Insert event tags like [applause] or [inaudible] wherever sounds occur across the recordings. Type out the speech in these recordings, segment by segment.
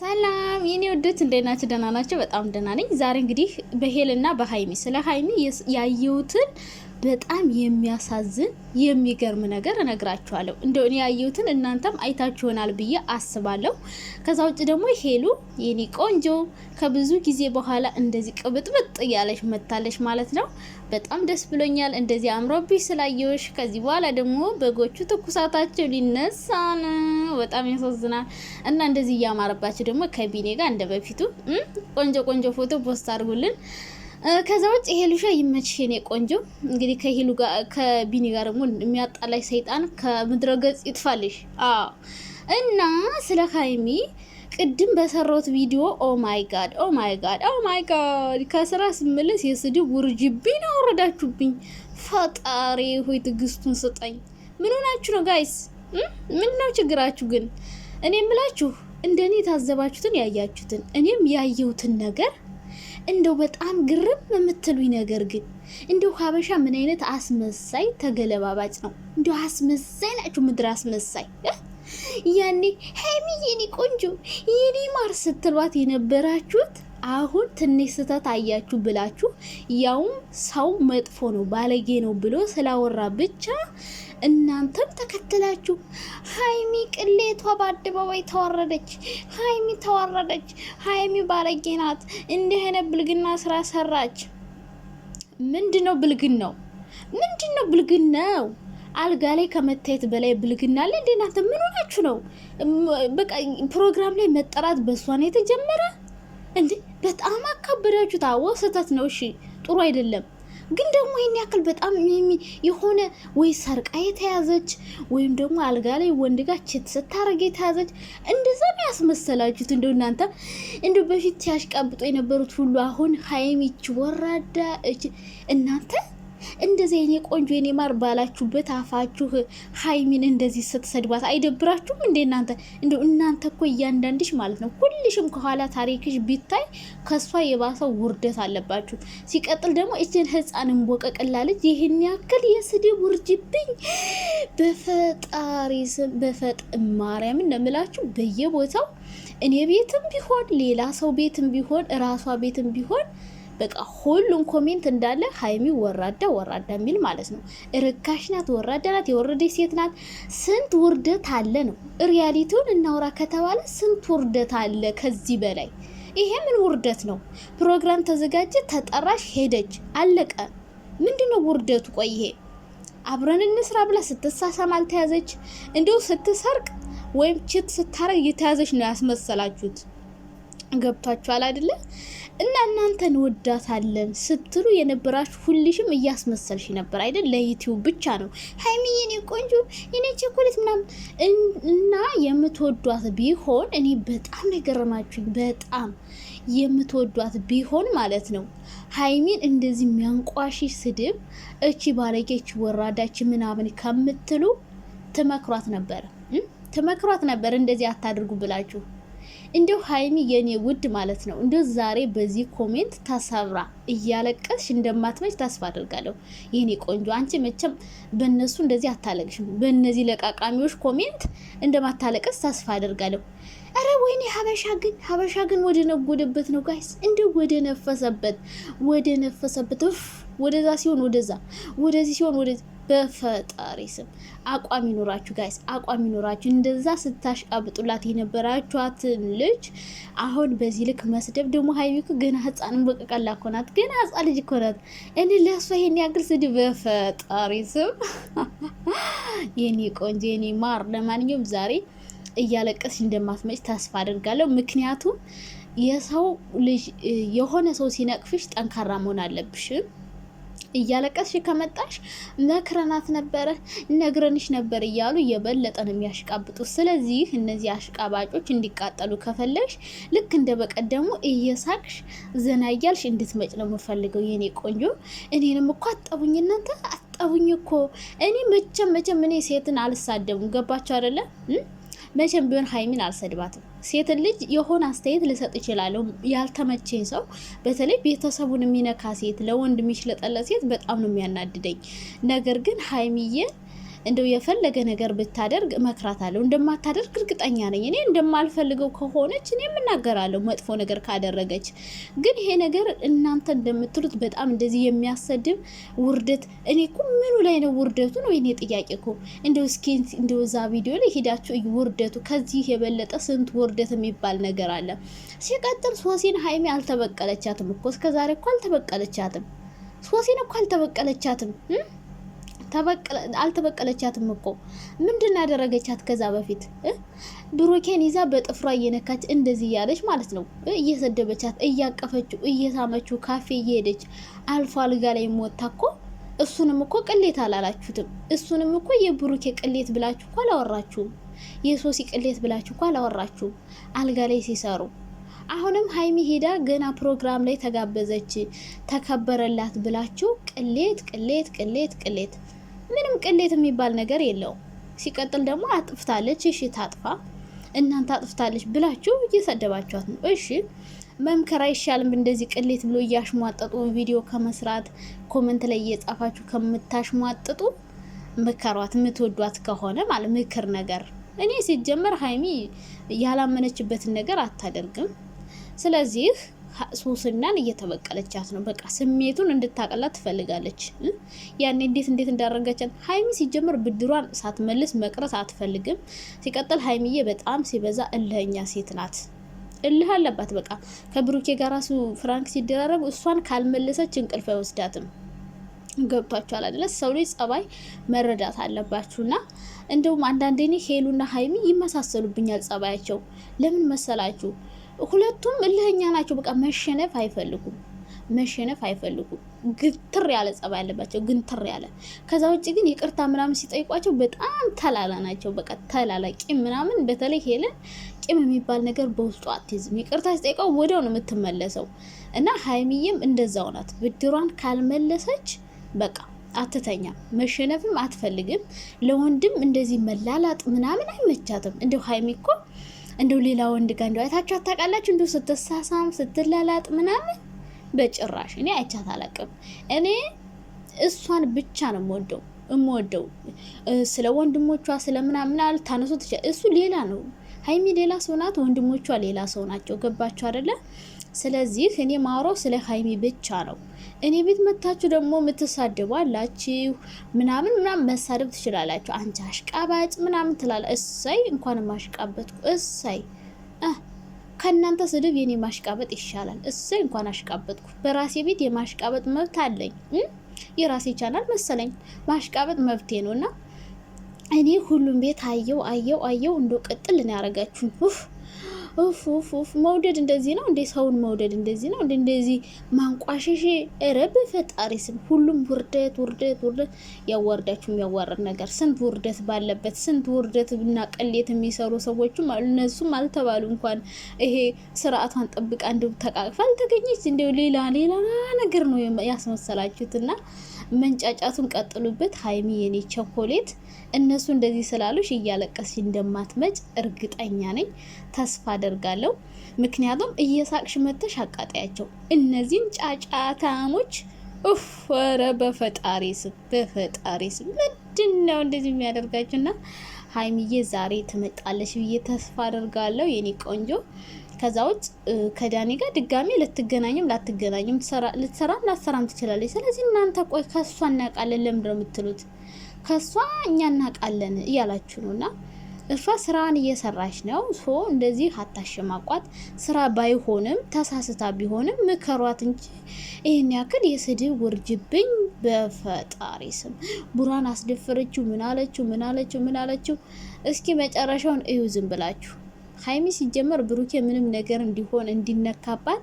ሰላም የኔ ወዶች እንዴት ናችሁ? ደህና ናቸው። በጣም ደህና ነኝ። ዛሬ እንግዲህ በሄልና በሀይሚ ስለ ሀይሚ ያየሁትን በጣም የሚያሳዝን የሚገርም ነገር እነግራችኋለሁ። እንደ እኔ ያየሁትን እናንተም አይታችሁ ይሆናል ብዬ አስባለሁ። ከዛ ውጭ ደግሞ ሄሉ የኔ ቆንጆ ከብዙ ጊዜ በኋላ እንደዚህ ቅብጥብጥ እያለች መታለች ማለት ነው። በጣም ደስ ብሎኛል እንደዚህ አምሮብሽ ስላየሁሽ። ከዚህ በኋላ ደግሞ በጎቹ ትኩሳታቸው ሊነሳ ነው። በጣም ያሳዝናል። እና እንደዚህ እያማረባቸው ደግሞ ከቢኔ ጋር እንደ በፊቱ ቆንጆ ቆንጆ ፎቶ ፖስት አድርጉልን። ከዛ ውጭ ይሄ ይመችሽ የኔ ቆንጆ። እንግዲህ ከሄሉ ጋር ከቢኒ ጋር ደግሞ የሚያጣላሽ ሰይጣን ከምድረ ገጽ ይጥፋልሽ። አዎ እና ስለ ሀይሚ ቅድም በሰራሁት ቪዲዮ ኦ ማይ ጋድ ኦ ማይ ጋድ ኦ ማይ ጋድ ከስራ ስመለስ የስድብ ውርጅብኝ ነው ወረዳችሁብኝ። ፈጣሪ ሆይ ትዕግስቱን ስጠኝ። ምን ሆናችሁ ነው ጋይስ? ምንድነው ችግራችሁ ግን? እኔ የምላችሁ እንደኔ የታዘባችሁትን ያያችሁትን እኔም ያየሁትን ነገር እንደው በጣም ግርም የምትሉኝ ነገር ግን እንደው ሀበሻ ምን አይነት አስመሳይ ተገለባባጭ ነው! እንደው አስመሳይ ናችሁ፣ ምድር አስመሳይ። ያኔ ሄሚ የኔ ቆንጆ የኔ ማር ስትሏት የነበራችሁት አሁን ትንሽ ስህተት አያችሁ ብላችሁ ያውም ሰው መጥፎ ነው ባለጌ ነው ብሎ ስላወራ ብቻ እናንተም ተከትላችሁ ሀይሚ ቅሌቷ በአደባባይ ተዋረደች። ሀይሚ ተዋረደች። ሀይሚ ባለጌ ናት። እንዲህ አይነት ብልግና ስራ ሰራች። ምንድን ነው ብልግን ነው? ምንድን ነው ብልግን ነው? አልጋ ላይ ከመታየት በላይ ብልግና አለ እንዴ? እናንተ ምን ሆናችሁ ነው? በቃ ፕሮግራም ላይ መጠራት በእሷ ነው የተጀመረ እንዴ? በጣም አካበዳችሁ። አዎ ስህተት ነው። እሺ ጥሩ አይደለም። ግን ደግሞ ይህን ያክል በጣም የሆነ ወይ ሰርቃ የተያዘች ወይም ደግሞ አልጋ ላይ ወንድ ጋር ችት ስታረግ የተያዘች እንደዛ ነው ያስመሰላችሁት። እንደው እናንተ በፊት ሲያሽቃብጦ የነበሩት ሁሉ አሁን ሀይሚች ወራዳ እናንተ እንደዚህ የኔ ቆንጆ የኔ ማር ባላችሁበት አፋችሁ ሀይሚን እንደዚህ ስትሰድባት አይደብራችሁም እንዴ እናንተ? እንደ እናንተ እኮ እያንዳንድሽ ማለት ነው ሁልሽም ከኋላ ታሪክሽ ቢታይ ከሷ የባሰው ውርደት አለባችሁ። ሲቀጥል ደግሞ እችን ህፃንን እንቦቀቅላ ይህን ያክል የስድብ ውርጅብኝ በፈጣሪ ስም በፈጥ ማርያምን ነምላችሁ በየቦታው እኔ ቤትም ቢሆን ሌላ ሰው ቤትም ቢሆን እራሷ ቤትም ቢሆን በቃ ሁሉም ኮሜንት እንዳለ ሀይሚ ወራዳ ወራዳ የሚል ማለት ነው። ርካሽ ናት፣ ወራዳ ናት፣ የወረደች ሴት ናት። ስንት ውርደት አለ ነው። ሪያሊቲውን እናውራ ከተባለ ስንት ውርደት አለ ከዚህ በላይ ይሄ ምን ውርደት ነው? ፕሮግራም ተዘጋጀ፣ ተጠራሽ፣ ሄደች፣ አለቀ። ምንድነው ውርደቱ? ቆይ ይሄ አብረን እንስራ ብላ ስትሳሳም አልተያዘች፣ እንዲሁ ስትሰርቅ ወይም ችት ስታረግ እየተያዘች ነው ያስመሰላችሁት። ገብቷችኋል አይደለ? እና እናንተን ወዳታለን ስትሉ የነበራችሁ ሁልሽም እያስመሰልሽ ነበር አይደል? ለዩቲዩብ ብቻ ነው ሀይሚ የኔ ቆንጆ የኔ ቸኮሌት ምናምን እና የምትወዷት ቢሆን እኔ በጣም ነው በጣም የምትወዷት ቢሆን ማለት ነው ሀይሚን እንደዚህ የሚያንቋሽሽ ስድብ እቺ ባለጌች ወራዳች ምናምን ከምትሉ ትመክሯት ነበር ትመክሯት ነበር እንደዚህ አታድርጉ ብላችሁ እንደው ሀይሚ የኔ ውድ ማለት ነው እንደው ዛሬ በዚህ ኮሜንት ተሰብራ እያለቀሽ እንደማትመች ተስፋ አድርጋለሁ። የኔ ቆንጆ አንቺ መቼም በእነሱ እንደዚህ አታለቅሽም። በእነዚህ ለቃቃሚዎች ኮሜንት እንደማታለቀስ ተስፋ አድርጋለሁ። አረ ወይኔ ሀበሻ ግን ሀበሻ ግን ወደ ነጎደበት ነው ጋይስ፣ እንደው ወደ ነፈሰበት ወደ ነፈሰበት ወደዛ ሲሆን ወደዛ ወደዚህ ሲሆን ወደዚህ በፈጣሪ ስም አቋም ይኖራችሁ ጋይስ፣ አቋም ይኖራችሁ። እንደዛ ስታሽቃብጡላት የነበራችኋትን ልጅ አሁን በዚህ ልክ መስደብ ደግሞ ሀይሚ እኮ ገና ህፃንም በቀቀላ እኮ ናት፣ ገና ህፃን ልጅ እኮ ናት። እኔ ለእሷ ይሄን ያክል ስድብ በፈጣሪ ስም [laughs] የኔ ቆንጆ የኔ ማር። ለማንኛውም ዛሬ እያለቀስሽ እንደማትመጭ ተስፋ አድርጋለሁ። ምክንያቱም የሰው ልጅ የሆነ ሰው ሲነቅፍሽ ጠንካራ መሆን አለብሽም። እያለቀስሽ ከመጣሽ መክረናት ነበረ ነግረንሽ ነበር እያሉ የበለጠ ነው የሚያሽቃብጡ። ስለዚህ እነዚህ አሽቃባጮች እንዲቃጠሉ ከፈለሽ ልክ እንደ በቀደሙ እየሳቅሽ ዘና እያልሽ እንድትመጭ ነው የምፈልገው የኔ ቆንጆ። እኔንም እኮ አጠቡኝ እናንተ አጠቡኝ እኮ። እኔ መቼም መቼም እኔ ሴትን አልሳደቡም። ገባቸው አደለ? መቼም ቢሆን ሀይሚን አልሰድባትም። ሴት ልጅ የሆነ አስተያየት ልሰጥ እችላለሁ። ያልተመቼ ሰው በተለይ ቤተሰቡን የሚነካ ሴት፣ ለወንድ የሚሽለጠለ ሴት በጣም ነው የሚያናድደኝ። ነገር ግን ሀይሚዬ እንደው የፈለገ ነገር ብታደርግ እመክራታለሁ። እንደማታደርግ እርግጠኛ ነኝ። እኔ እንደማልፈልገው ከሆነች እኔ የምናገራለሁ መጥፎ ነገር ካደረገች። ግን ይሄ ነገር እናንተ እንደምትሉት በጣም እንደዚህ የሚያሰድም ውርደት፣ እኔ እኮ ምኑ ላይ ነው ውርደቱ? ነው የኔ ጥያቄ እኮ። እንደው እስኪ እንደው እዛ ቪዲዮ ላይ ሄዳችሁ እዩ ውርደቱ። ከዚህ የበለጠ ስንት ውርደት የሚባል ነገር አለ። ሲቀጥል ሶሲን ሀይሜ አልተበቀለቻትም እኮ እስከዛሬ እኮ አልተበቀለቻትም። ሶሲን እኮ አልተበቀለቻትም። አልተበቀለቻትም እኮ ምንድን ያደረገቻት? ከዛ በፊት ብሩኬን ይዛ በጥፍሯ እየነካች እንደዚህ እያለች ማለት ነው እየሰደበቻት፣ እያቀፈችው፣ እየሳመችው ካፌ እየሄደች አልፎ አልጋ ላይ ሞታ እኮ እሱንም እኮ ቅሌት አላላችሁትም። እሱንም እኮ የብሩኬ ቅሌት ብላችሁ እኮ አላወራችሁም። የሶሲ ቅሌት ብላችሁ እኮ አላወራችሁም። አልጋ ላይ ሲሰሩ አሁንም ሀይሚ ሄዳ ገና ፕሮግራም ላይ ተጋበዘች ተከበረላት ብላችሁ ቅሌት ቅሌት ቅሌት ቅሌት ምንም ቅሌት የሚባል ነገር የለውም። ሲቀጥል ደግሞ አጥፍታለች፣ እሺ ታጥፋ፣ እናንተ አጥፍታለች ብላችሁ እየሰደባችኋት ነው። እሺ መምከር አይሻልም? እንደዚህ ቅሌት ብሎ እያሽሟጠጡ ቪዲዮ ከመስራት ኮመንት ላይ እየጻፋችሁ ከምታሽሟጥጡ ምከሯት፣ የምትወዷት ከሆነ ማለት ምክር ነገር። እኔ ሲጀመር ሀይሚ ያላመነችበትን ነገር አታደርግም። ስለዚህ ሶስናን እየተበቀለቻት ነው። በቃ ስሜቱን እንድታቀላት ትፈልጋለች። ያኔ እንዴት እንዴት እንዳረጋቻት ሀይሚ ሲጀምር ብድሯን ሳትመልስ መቅረት አትፈልግም። ሲቀጥል ሀይሚዬ በጣም ሲበዛ እልህኛ ሴት ናት። እልህ አለባት። በቃ ከብሩኬ ጋር ራሱ ፍራንክ ሲደራረጉ እሷን ካልመለሰች እንቅልፍ አይወስዳትም። ገብቷችኋል አይደለ? ሰው ልጅ ጸባይ መረዳት አለባችሁና እንደውም አንዳንዴ እኔ ሄሉና ሀይሚ ይመሳሰሉብኛል ጸባያቸው። ለምን መሰላችሁ? ሁለቱም እልህኛ ናቸው። በቃ መሸነፍ አይፈልጉም መሸነፍ አይፈልጉም። ግትር ያለ ጸባይ ያለባቸው ግንትር ያለ። ከዛ ውጭ ግን ይቅርታ ምናምን ሲጠይቋቸው በጣም ተላላ ናቸው። በቃ ተላላ ቂም ምናምን፣ በተለይ ሄለን ቂም የሚባል ነገር በውስጡ አትይዝም። ይቅርታ ሲጠይቀው ወዲያው ነው የምትመለሰው። እና ሀይሚዬም እንደዛው ናት። ብድሯን ካልመለሰች በቃ አትተኛ መሸነፍም አትፈልግም። ለወንድም እንደዚህ መላላጥ ምናምን አይመቻትም። እንደው ሀይሚ እኮ እንደው ሌላ ወንድ ጋር እንደው አይታችሁ አታውቃላችሁ? እንደው ስትሳሳም ስትላላጥ ምናምን በጭራሽ እኔ አይቻት አላውቅም። እኔ እሷን ብቻ ነው የምወደው እምወደው ስለ ወንድሞቿ ስለ ምናምን አልታነሱ ትችላል። እሱ ሌላ ነው። ሀይሚ ሌላ ሰው ናት፣ ወንድሞቿ ሌላ ሰው ናቸው። ገባችሁ አይደለ? ስለዚህ እኔ ማውራው ስለ ሀይሚ ብቻ ነው። እኔ ቤት መታችሁ ደግሞ የምትሳደቡ አላችሁ ምናምን ምናምን መሳደብ ትችላላችሁ። አንቺ አሽቃባጭ ምናምን ትላለ። እሰይ እንኳን ማሽቃበጥኩ እሰይ ከእናንተ ስድብ የኔ ማሽቃበጥ ይሻላል። እሰይ እንኳን አሽቃበጥኩ። በራሴ ቤት የማሽቃበጥ መብት አለኝ። የራሴ ቻናል መሰለኝ ማሽቃበጥ መብቴ ነው እና እኔ ሁሉም ቤት አየው አየው አየው እንደ ቅጥል ነው ኡፍ ኡፍ ኡፍ መውደድ እንደዚህ ነው እንዴ? ሰውን መውደድ እንደዚህ ነው እንዴ? እንደዚህ ማንቋሸሽ ረብ ፈጣሪ ስም ሁሉም ውርደት ውርደት ውርደት ያዋርዳችሁ። የሚያዋርድ ነገር ስንት ውርደት ባለበት ስንት ውርደት እና ቅሌት የሚሰሩ ሰዎችም አሉ። እነሱም አልተባሉ እንኳን ይሄ ስርዓቷን ጠብቃ እንደው ተቃቅፋ አልተገኘች እንደው ሌላ ሌላ ነገር ነው ያስመሰላችሁትና መንጫጫቱን ቀጥሉበት። ሀይሚ የኔ ቸኮሌት እነሱ እንደዚህ ስላሉሽ እያለቀስሽ እንደማትመጭ እርግጠኛ ነኝ። ተስፋ አደርጋለሁ። ምክንያቱም እየሳቅሽ መተሽ አቃጣያቸው እነዚህን ጫጫታሞች ኡፍ ኧረ በፈጣሪ ስም በፈጣሪ ስም ምንድን ነው እንደዚህ የሚያደርጋቸው? እና ሀይሚዬ ዛሬ ትመጣለች ብዬ ተስፋ አደርጋለሁ የኔ ቆንጆ። ከዛ ውጭ ከዳኒ ጋር ድጋሜ ልትገናኝም ላትገናኝም ልትሰራም ላትሰራም ትችላለች። ስለዚህ እናንተ ቆይ ከእሷ እናውቃለን ለምንድን ነው የምትሉት? ከእሷ እኛ እናውቃለን እያላችሁ ነው እና እሷ ስራን እየሰራች ነው። ሶ እንደዚህ አታሸማቋት። ስራ ባይሆንም ተሳስታ ቢሆንም ምከሯት እንጂ ይህን ያክል የስድብ ውርጅብኝ በፈጣሪ ስም ቡራን አስደፈረችው። ምናለችው ምናለችው ምናለችው? እስኪ መጨረሻውን እዩ ዝም ብላችሁ። ሀይሚ ሲጀመር ብሩኬ ምንም ነገር እንዲሆን እንዲነካባት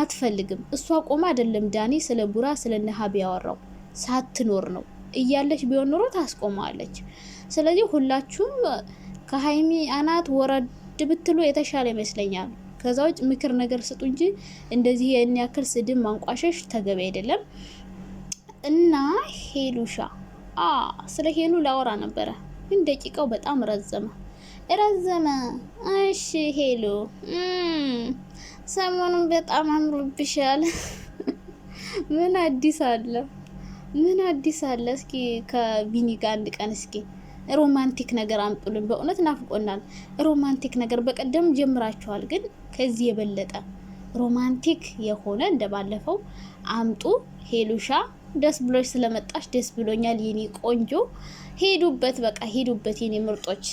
አትፈልግም። እሷ ቆማ አይደለም ዳኒ ስለ ቡራ ስለ ነሀብ ያወራው ሳትኖር ነው። እያለች ቢሆን ኖሮ ታስቆማለች። ስለዚህ ሁላችሁም ከሀይሚ አናት ወረድ ብትሉ የተሻለ ይመስለኛል። ከዛ ውጭ ምክር ነገር ስጡ እንጂ እንደዚህ የን ያክል ስድብ ማንቋሸሽ ተገቢ አይደለም። እና ሄሉሻ አ ስለ ሄሉ ላወራ ነበረ፣ ግን ደቂቃው በጣም ረዘመ ረዘመ። እሺ ሄሉ ሰሞኑን በጣም አምሮብሻል። ምን አዲስ አለ? ምን አዲስ አለ? እስኪ ከቢኒ ጋር አንድ ቀን እስኪ ሮማንቲክ ነገር አምጡልን። በእውነት ናፍቆናል። ሮማንቲክ ነገር በቀደም ጀምራችኋል፣ ግን ከዚህ የበለጠ ሮማንቲክ የሆነ እንደባለፈው አምጡ። ሄሉሻ ደስ ብሎች ስለመጣች ደስ ብሎኛል የኔ ቆንጆ። ሄዱበት፣ በቃ ሄዱበት የኔ ምርጦች።